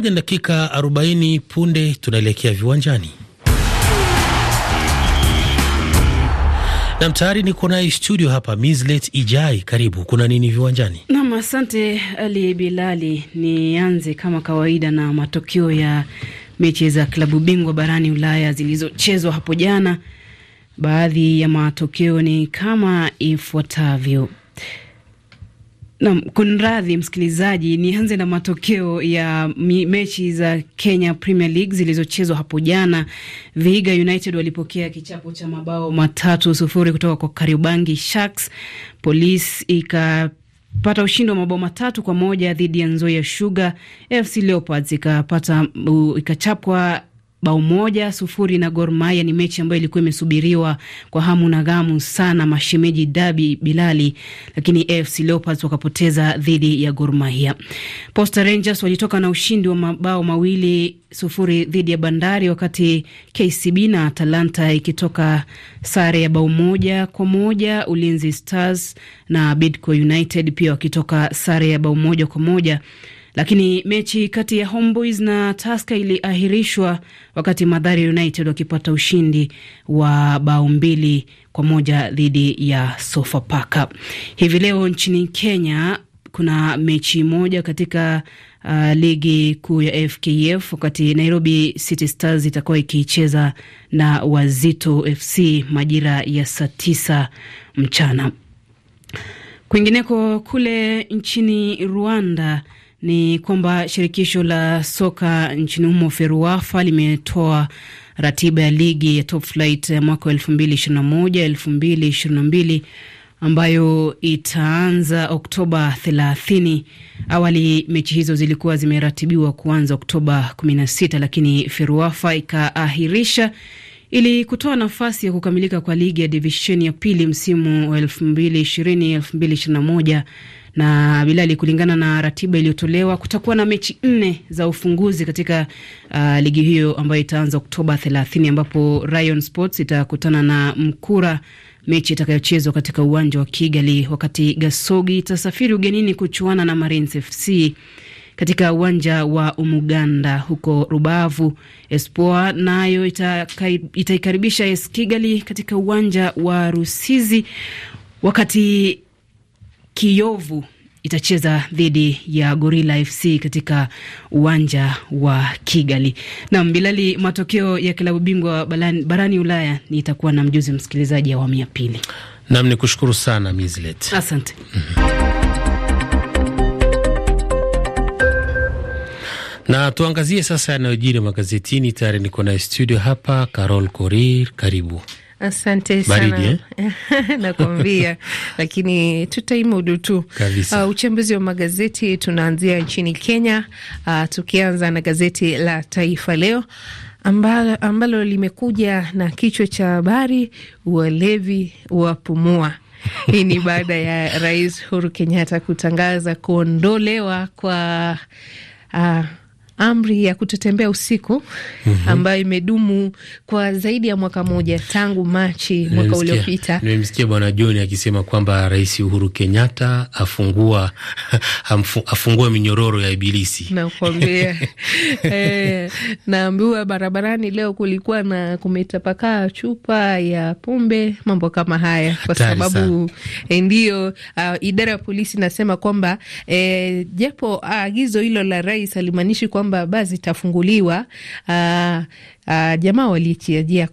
moja na dakika 40 punde tunaelekea viwanjani. Nam, tayari niko naye studio hapa Mislet Ijai, karibu. Kuna nini viwanjani? Nam, asante Ali Bilali. Nianze kama kawaida na matokeo ya mechi za klabu bingwa barani Ulaya zilizochezwa hapo jana. Baadhi ya matokeo ni kama ifuatavyo: Naam, kunradhi msikilizaji, nianze na matokeo ya mechi za Kenya Premier League zilizochezwa hapo jana. Vihiga United walipokea kichapo cha mabao matatu sufuri kutoka kwa Kariobangi Sharks. Polisi ika pata ushindi wa mabao matatu kwa moja dhidi ya Nzoia Sugar. FC Leopards ikapata ikachapwa bao moja sufuri na Gor Mahia. Ni mechi ambayo ilikuwa imesubiriwa kwa hamu na gamu sana, mashemeji dabi Bilali, lakini AFC Leopards wakapoteza dhidi ya Gor Mahia. Posta Rangers walitoka na ushindi wa mabao mawili sufuri dhidi ya Bandari, wakati KCB na Atalanta ikitoka sare ya bao moja kwa moja. Ulinzi Stars na Bidco United pia wakitoka sare ya bao moja kwa moja lakini mechi kati ya Homeboys na Tusker iliahirishwa wakati Mathare United wakipata ushindi wa bao mbili kwa moja dhidi ya Sofapaka. Hivi leo nchini Kenya kuna mechi moja katika uh, ligi kuu ya FKF wakati Nairobi City Stars itakuwa ikicheza na Wazito FC majira ya saa tisa mchana. Kwingineko kule nchini Rwanda ni kwamba shirikisho la soka nchini humo FERUAFA limetoa ratiba ya ligi ya Top Flight ya mwaka wa elfu mbili ishirini na moja elfu mbili ishirini na mbili ambayo itaanza Oktoba 30. Awali mechi hizo zilikuwa zimeratibiwa kuanza Oktoba 16, lakini FERUAFA ikaahirisha ili kutoa nafasi ya kukamilika kwa ligi ya divisheni ya pili msimu wa 2020 2021 na Bilali, kulingana na ratiba iliyotolewa kutakuwa na mechi nne za ufunguzi katika uh, ligi hiyo ambayo itaanza Oktoba 30 ambapo Rayon Sports itakutana na Mkura, mechi itakayochezwa katika uwanja wa Kigali, wakati Gasogi itasafiri ugenini kuchuana na Marines FC katika uwanja wa Umuganda huko Rubavu. Espoa nayo itaikaribisha ita es Kigali katika uwanja wa Rusizi wakati Kiovu itacheza dhidi ya gorila FC katika uwanja wa Kigali. nam Bilali, matokeo ya klabu bingwa barani Ulaya itakuwa na mjuzi msikilizaji awamu ya pili. Nam, ni kushukuru sana Mizlet, asante mm -hmm. Na tuangazie sasa yanayojiri magazetini. Tayari niko naye studio hapa Carol Korir, karibu. Asante sana eh? nakwambia, lakini tutaimudu tu. Uh, uchambuzi wa magazeti tunaanzia nchini Kenya, uh, tukianza na gazeti la Taifa Leo ambalo, ambalo limekuja na kichwa cha habari walevi wapumua. Hii ni baada ya Rais Uhuru Kenyatta kutangaza kuondolewa kwa uh, amri ya kutotembea usiku mm -hmm. ambayo imedumu kwa zaidi ya mwaka moja tangu Machi mwaka uliopita. Nimemsikia Bwana John akisema kwamba Rais Uhuru Kenyatta afungua afungua minyororo ya ibilisi, nakwambia e, naambiwa barabarani leo kulikuwa na kumetapakaa chupa ya pombe, mambo kama haya, kwa sababu eh, ndio uh, idara ya polisi nasema kwamba e, japo agizo hilo la rais alimaanishi kwamba kwamba baa zitafunguliwa. Ah, ah, jamaa walikiajia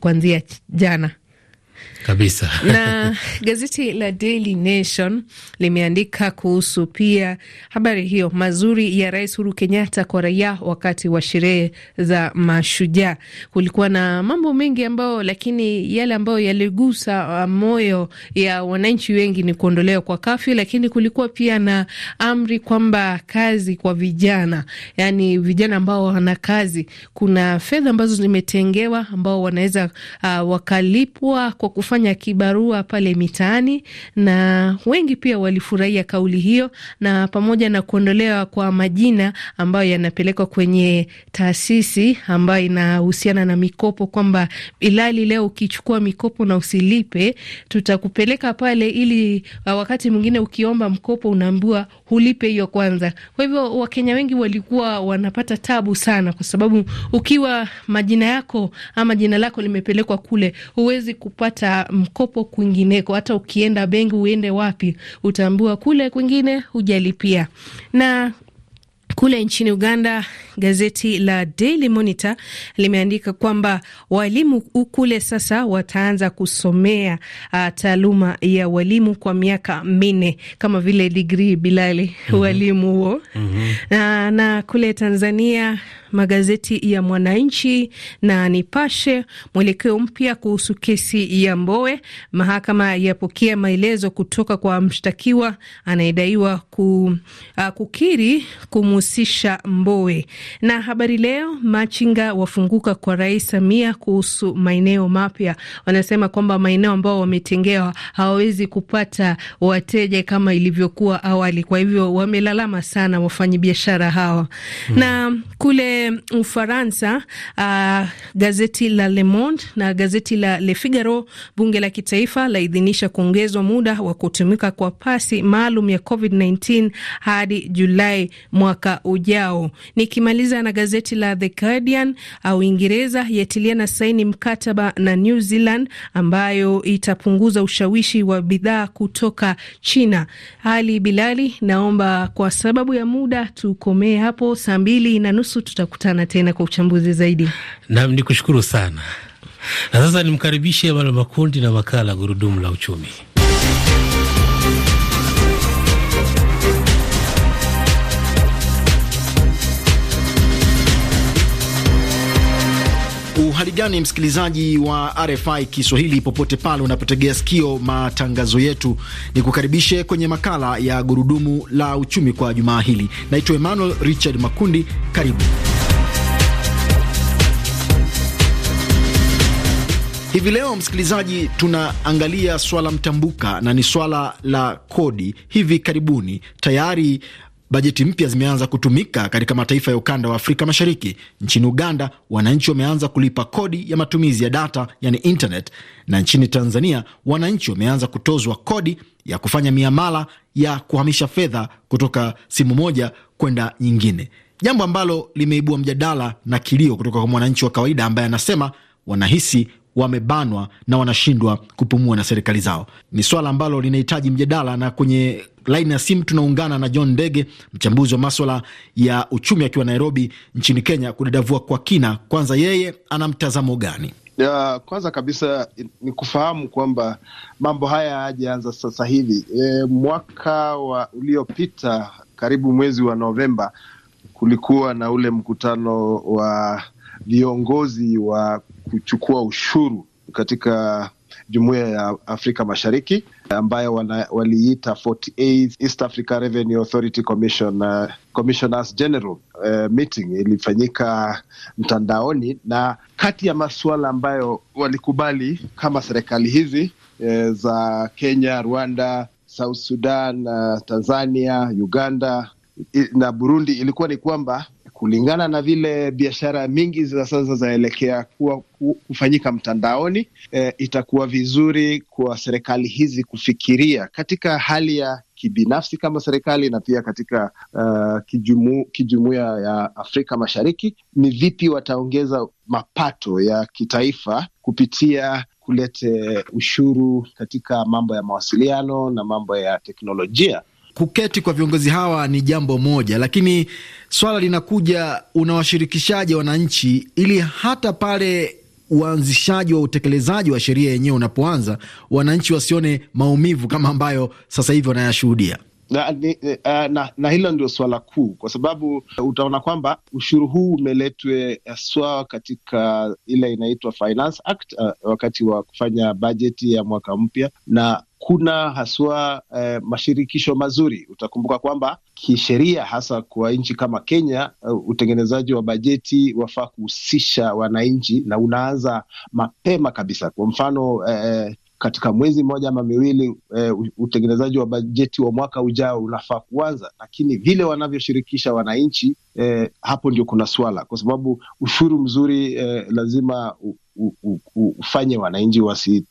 kuanzia jana kabisa. Na gazeti la Daily Nation limeandika kuhusu pia habari hiyo, mazuri ya Rais Uhuru Kenyatta kwa raia wakati wa sherehe za Mashujaa. Kulikuwa na mambo mengi ambayo, lakini yale ambayo yaligusa uh, moyo ya wananchi wengi ni kuondolewa kwa kafyu, lakini kulikuwa pia na amri kwamba kazi kwa vijana, yani vijana ambao wana kazi, kuna fedha ambazo zimetengewa ambao wanaweza uh, wakalipwa kwa kufa kufanya kibarua pale mitaani, na wengi pia walifurahia kauli hiyo, na pamoja na kuondolewa kwa majina ambayo yanapelekwa kwenye taasisi ambayo inahusiana na mikopo, kwamba ilali leo ukichukua mikopo na usilipe, tutakupeleka pale, ili uh, wakati mwingine ukiomba mkopo unaambiwa ulipe hiyo kwanza. Kwa hivyo Wakenya wengi walikuwa wanapata tabu sana, kwa sababu ukiwa majina yako ama jina lako limepelekwa kule, huwezi kupata mkopo kwingineko. Hata ukienda benki, uende wapi, utaambiwa kule kwingine hujalipia. Na kule nchini Uganda gazeti la Daily Monitor limeandika kwamba walimu kule sasa wataanza kusomea uh, taaluma ya walimu kwa miaka minne kama vile digrii Bilali, mm -hmm. walimu huo mm -hmm. na, na kule Tanzania magazeti ya Mwananchi na Nipashe, mwelekeo mpya kuhusu kesi ya Mbowe, mahakama yapokea maelezo kutoka kwa mshtakiwa anayedaiwa ku, uh, kukiri kumhusisha Mbowe. Na habari leo, machinga wafunguka kwa Rais Samia kuhusu maeneo mapya. Wanasema kwamba maeneo ambao wametengewa hawawezi kupata wateja kama ilivyokuwa awali, kwa hivyo wamelalama sana wafanyabiashara hawa. Hmm. Na kule Ufaransa, uh, gazeti la Le Monde na gazeti la Le Figaro, bunge la kitaifa laidhinisha kuongezwa muda wa kutumika kwa pasi maalum ya COVID-19 hadi Julai mwaka ujao. Nikima Nikimaliza na gazeti la The Guardian, Uingereza yatilia na saini mkataba na New Zealand ambayo itapunguza ushawishi wa bidhaa kutoka China. Ali Bilali, naomba kwa sababu ya muda tukomee hapo. Saa mbili na nusu tutakutana tena kwa uchambuzi zaidi. Nam ni kushukuru sana, na sasa nimkaribishe Malu Makundi na makala Gurudumu la Uchumi. Uhali gani msikilizaji wa RFI Kiswahili popote pale unapotegea sikio matangazo yetu, ni kukaribishe kwenye makala ya gurudumu la uchumi kwa jumaa hili. Naitwa Emmanuel Richard Makundi, karibu. Hivi leo msikilizaji, tunaangalia swala mtambuka na ni swala la kodi. Hivi karibuni tayari Bajeti mpya zimeanza kutumika katika mataifa ya ukanda wa Afrika Mashariki. Nchini Uganda, wananchi wameanza kulipa kodi ya matumizi ya data, yani internet, na nchini Tanzania wananchi wameanza kutozwa kodi ya kufanya miamala ya kuhamisha fedha kutoka simu moja kwenda nyingine, jambo ambalo limeibua mjadala na kilio kutoka kwa mwananchi wa kawaida ambaye anasema wanahisi wamebanwa na wanashindwa kupumua na serikali zao. Ni swala ambalo linahitaji mjadala, na kwenye laini ya simu tunaungana na John Ndege, mchambuzi wa maswala ya uchumi akiwa Nairobi nchini Kenya, kudadavua kwa kina, kwanza yeye ana mtazamo gani? Ya, kwanza kabisa ni kufahamu kwamba mambo haya hayajaanza sasa hivi. E, mwaka wa uliopita karibu mwezi wa Novemba kulikuwa na ule mkutano wa viongozi wa kuchukua ushuru katika jumuiya ya Afrika Mashariki ambayo waliita 48th East Africa Revenue Authority Commission, uh, Commissioners General uh, meeting ilifanyika mtandaoni, na kati ya masuala ambayo walikubali kama serikali hizi eh, za Kenya, Rwanda, South Sudan, uh, Tanzania, Uganda na Burundi ilikuwa ni kwamba kulingana na vile biashara mingi za sasa zaelekea kuwa kufanyika mtandaoni, e, itakuwa vizuri kwa serikali hizi kufikiria katika hali ya kibinafsi kama serikali na pia katika uh, kijumu, kijumuia ya Afrika Mashariki, ni vipi wataongeza mapato ya kitaifa kupitia kulete ushuru katika mambo ya mawasiliano na mambo ya teknolojia Kuketi kwa viongozi hawa ni jambo moja, lakini swala linakuja, unawashirikishaje wananchi ili hata pale uanzishaji wa utekelezaji wa sheria yenyewe unapoanza, wananchi wasione maumivu kama ambayo sasa hivi wanayashuhudia. Na, eh, na, na hilo ndio swala kuu, kwa sababu utaona kwamba ushuru huu umeletwe haswa katika ile inaitwa Finance Act, uh, wakati wa kufanya bajeti ya mwaka mpya, na hakuna haswa eh, mashirikisho mazuri. Utakumbuka kwamba kisheria, hasa kwa nchi kama Kenya, uh, utengenezaji wa bajeti wafaa kuhusisha wananchi na unaanza mapema kabisa. Kwa mfano eh, katika mwezi mmoja ama miwili eh, utengenezaji wa bajeti wa mwaka ujao unafaa kuanza, lakini vile wanavyoshirikisha wananchi eh, hapo ndio kuna swala, kwa sababu ushuru mzuri eh, lazima u, u, u, ufanye wananchi wasi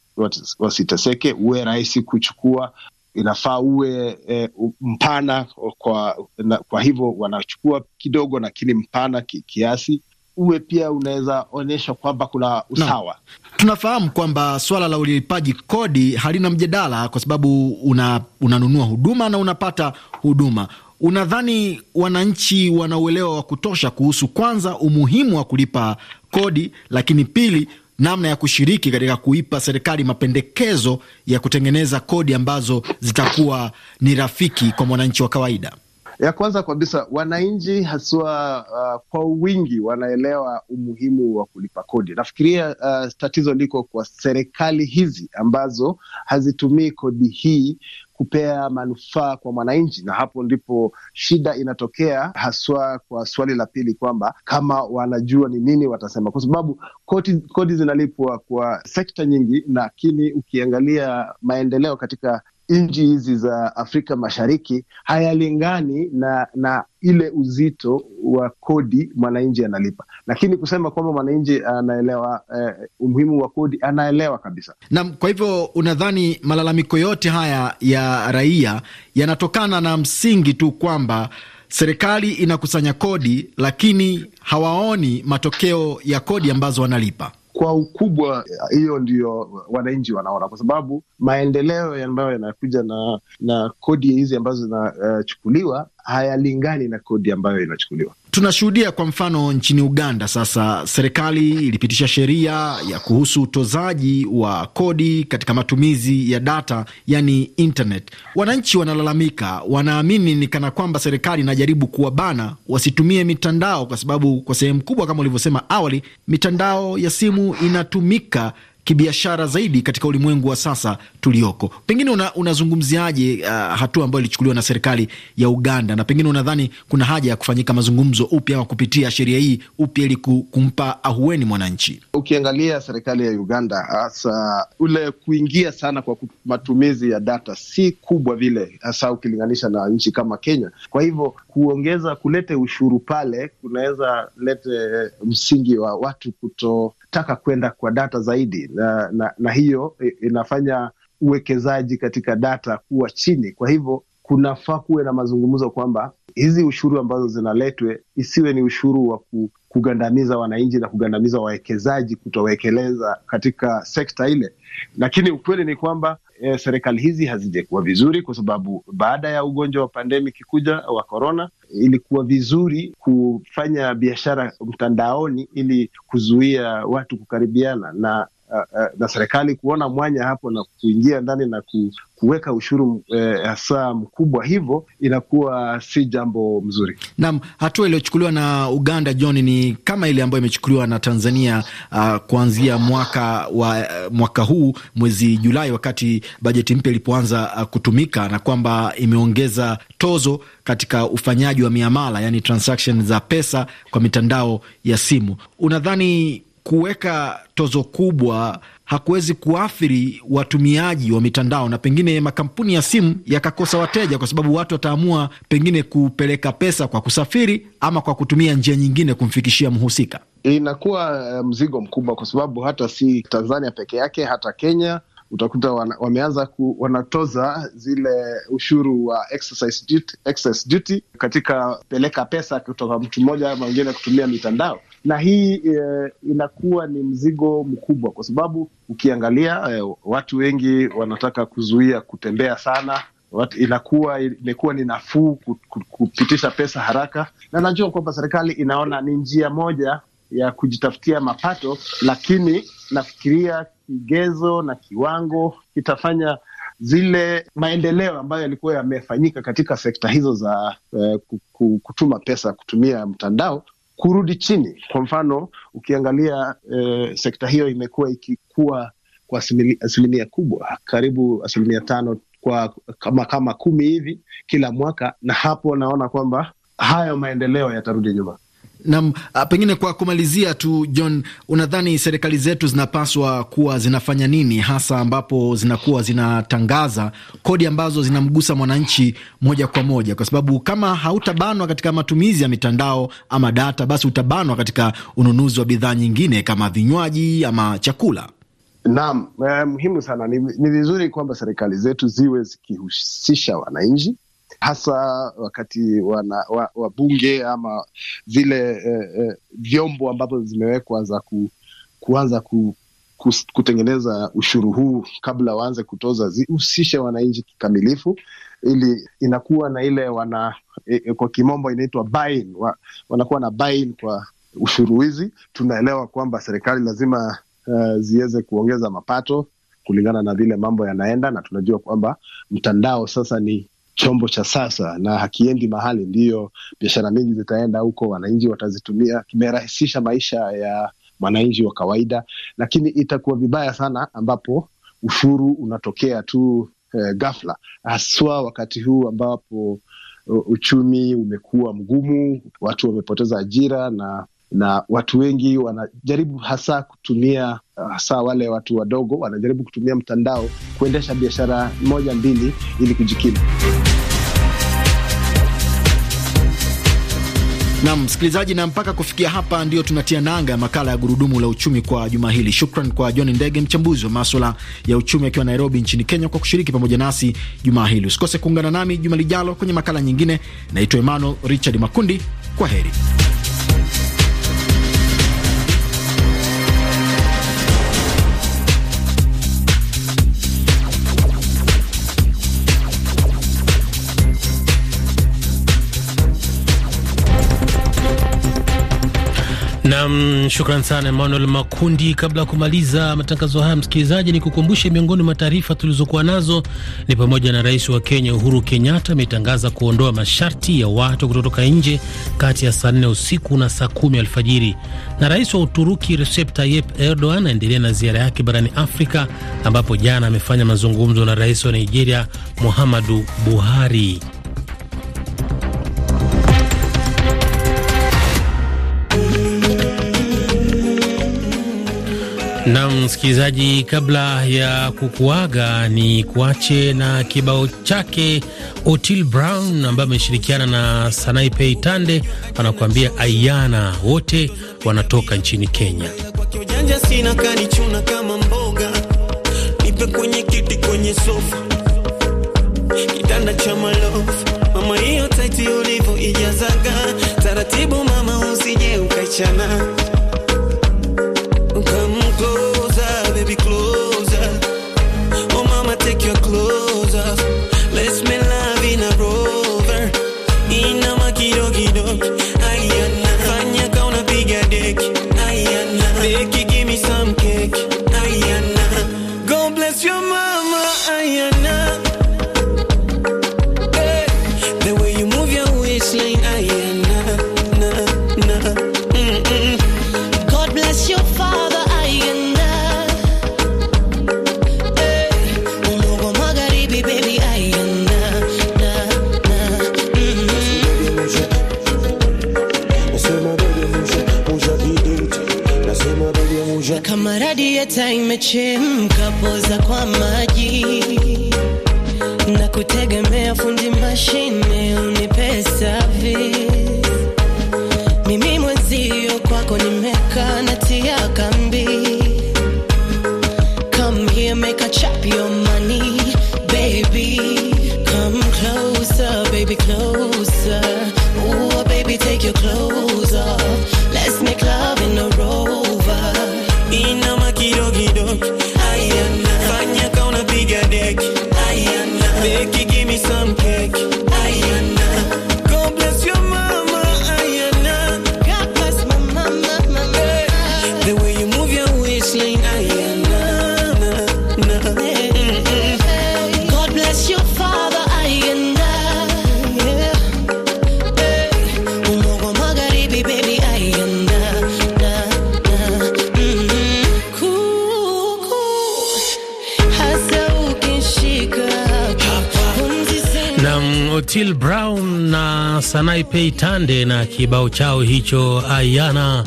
wasiteseke, uwe rahisi kuchukua, inafaa uwe e, mpana kwa, na, kwa hivyo wanachukua kidogo lakini mpana ki, kiasi uwe pia unaweza onyesha kwamba kuna usawa no. Tunafahamu kwamba swala la ulipaji kodi halina mjadala kwa sababu una, unanunua huduma na unapata huduma. Unadhani wananchi wana uelewa wa kutosha kuhusu kwanza, umuhimu wa kulipa kodi, lakini pili, namna ya kushiriki katika kuipa serikali mapendekezo ya kutengeneza kodi ambazo zitakuwa ni rafiki kwa mwananchi wa kawaida? Ya kwanza kabisa, wananchi haswa uh, kwa wingi wanaelewa umuhimu wa kulipa kodi. Nafikiria uh, tatizo liko kwa serikali hizi ambazo hazitumii kodi hii kupea manufaa kwa mwananchi, na hapo ndipo shida inatokea, haswa kwa swali la pili kwamba kama wanajua ni nini watasema, kwa sababu kodi, kodi zinalipwa kwa sekta nyingi, lakini ukiangalia maendeleo katika nchi hizi za Afrika Mashariki hayalingani na na ile uzito wa kodi mwananchi analipa, lakini kusema kwamba mwananchi anaelewa eh, umuhimu wa kodi anaelewa kabisa. Naam, kwa hivyo unadhani malalamiko yote haya ya raia yanatokana na msingi tu kwamba serikali inakusanya kodi, lakini hawaoni matokeo ya kodi ambazo wanalipa? kwa ukubwa, hiyo ndio wananchi wanaona, kwa sababu maendeleo ambayo yanakuja na na kodi hizi ambazo zinachukuliwa uh, hayalingani na kodi ambayo inachukuliwa Tunashuhudia kwa mfano nchini Uganda sasa, serikali ilipitisha sheria ya kuhusu utozaji wa kodi katika matumizi ya data, yani internet. Wananchi wanalalamika, wanaamini ni kana kwamba serikali inajaribu kuwabana wasitumie mitandao, kwa sababu kwa sehemu kubwa, kama ulivyosema awali, mitandao ya simu inatumika kibiashara zaidi katika ulimwengu wa sasa tulioko. Pengine una, unazungumziaje uh, hatua ambayo ilichukuliwa na serikali ya Uganda, na pengine unadhani kuna haja ya kufanyika mazungumzo upya ama kupitia sheria hii upya ili kumpa ahueni mwananchi? Ukiangalia serikali ya Uganda hasa ule kuingia sana kwa matumizi ya data si kubwa vile, hasa ukilinganisha na nchi kama Kenya. Kwa hivyo kuongeza kulete ushuru pale kunaweza lete msingi wa watu kutotaka kwenda kwa data zaidi na, na, na hiyo e, inafanya uwekezaji katika data kuwa chini. Kwa hivyo kunafaa kuwe na mazungumzo kwamba hizi ushuru ambazo zinaletwe isiwe ni ushuru wa kugandamiza wananchi na kugandamiza wawekezaji kutowekeleza katika sekta ile. Lakini ukweli ni kwamba e, serikali hizi hazijakuwa vizuri, kwa sababu baada ya ugonjwa wa pandemic kuja wa korona, ilikuwa vizuri kufanya biashara mtandaoni ili kuzuia watu kukaribiana, na Eh, eh, na serikali kuona mwanya hapo na kuingia ndani na ku, kuweka ushuru eh, hasa mkubwa, hivyo inakuwa si jambo mzuri. Naam, hatua iliyochukuliwa na Uganda John ni kama ile ambayo imechukuliwa na Tanzania uh, kuanzia mwaka wa mwaka huu mwezi Julai, wakati bajeti mpya ilipoanza uh, kutumika, na kwamba imeongeza tozo katika ufanyaji wa miamala, yani transaction za pesa kwa mitandao ya simu. Unadhani kuweka tozo kubwa hakuwezi kuathiri watumiaji wa mitandao na pengine makampuni ya simu yakakosa wateja, kwa sababu watu wataamua pengine kupeleka pesa kwa kusafiri ama kwa kutumia njia nyingine kumfikishia mhusika. Inakuwa eh, mzigo mkubwa, kwa sababu hata si Tanzania peke yake, hata Kenya utakuta wana, wameanza ku, wanatoza zile ushuru wa duty, duty katika peleka pesa kutoka mtu mmoja ama wengine kutumia mitandao, na hii e, inakuwa ni mzigo mkubwa kwa sababu ukiangalia e, watu wengi wanataka kuzuia kutembea sana Wat, inakuwa imekuwa ni nafuu kupitisha pesa haraka, na najua kwamba serikali inaona ni njia moja ya kujitafutia mapato, lakini nafikiria kigezo na kiwango kitafanya zile maendeleo ambayo yalikuwa yamefanyika katika sekta hizo za eh, kutuma pesa kutumia mtandao kurudi chini. Kwa mfano ukiangalia eh, sekta hiyo imekuwa ikikua kwa asilimia kubwa, karibu asilimia tano kwa kama, kama kumi hivi kila mwaka, na hapo naona kwamba hayo maendeleo yatarudi nyuma. Nam, ah, pengine kwa kumalizia tu, John, unadhani serikali zetu zinapaswa kuwa zinafanya nini hasa ambapo zinakuwa zinatangaza kodi ambazo zinamgusa mwananchi moja kwa moja? Kwa sababu kama hautabanwa katika matumizi ya mitandao ama data, basi utabanwa katika ununuzi wa bidhaa nyingine kama vinywaji ama chakula. Naam, eh, muhimu sana. Ni, ni vizuri kwamba serikali zetu ziwe zikihusisha wananchi hasa wakati wana, wa, wa ama vile eh, eh, vyombo ambavyo zimewekwa za ku, kuanza ku, ku, kutengeneza ushuru huu kabla waanze kutoza zihusishe wananchi kikamilifu, ili inakuwa na ile wana e, kwa kimombo inaitwa wa, wanakuwa na kwa ushuru hizi. Tunaelewa kwamba serikali lazima uh, ziweze kuongeza mapato kulingana na vile mambo yanaenda, na tunajua kwamba mtandao sasa ni chombo cha sasa na hakiendi mahali. Ndiyo biashara mingi zitaenda huko, wananchi watazitumia, kimerahisisha maisha ya mwananchi wa kawaida, lakini itakuwa vibaya sana ambapo ushuru unatokea tu eh, ghafla, haswa wakati huu ambapo eh, uchumi umekuwa mgumu, watu wamepoteza ajira na na watu wengi wanajaribu hasa kutumia uh, hasa wale watu wadogo wanajaribu kutumia mtandao kuendesha biashara moja mbili ili kujikimu. Na msikilizaji, na mpaka kufikia hapa ndio tunatia nanga ya makala ya gurudumu la uchumi kwa juma hili. Shukran kwa John Ndege, mchambuzi wa maswala ya uchumi akiwa Nairobi nchini Kenya, kwa kushiriki pamoja nasi jumaa hili. Usikose kuungana nami juma lijalo kwenye makala nyingine. Naitwa Emmanuel Richard Makundi, kwa heri. Nam, shukran sana Emmanuel Makundi. Kabla ya kumaliza matangazo haya, msikilizaji, ni kukumbushe miongoni mwa taarifa tulizokuwa nazo ni pamoja na rais wa Kenya Uhuru Kenyatta ametangaza kuondoa masharti ya watu kutotoka nje kati ya saa nne usiku na saa kumi alfajiri, na rais wa Uturuki Recep Tayyip Erdogan aendelea na ziara yake barani Afrika, ambapo jana amefanya mazungumzo na rais wa Nigeria Muhammadu Buhari. Na msikilizaji, kabla ya kukuaga, ni kuache na kibao chake Otil Brown ambaye ameshirikiana na Sanaipei Tande, anakuambia Ayana. Wote wanatoka nchini Kenya. Mama, hiyo taiti taratibu, mama usije ukaichana Theatre imechemka, poza kwa maji na kutegemea fundi mashine Otile Brown na Pei Tande na kibao chao hicho Ayana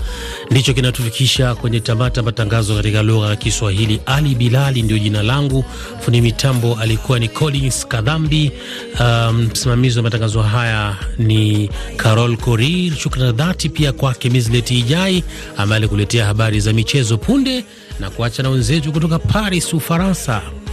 ndicho kinatufikisha kwenye tamata matangazo katika lugha ya Kiswahili. Ali Bilali ndio jina langu, fundi mitambo alikuwa ni Collins Kadhambi, um, msimamizi um, wa matangazo haya ni Carol Korir. Shukrani dhati pia kwake Mislet Ijai ambaye alikuletea habari za michezo punde na kuacha na wenzetu kutoka Paris, Ufaransa.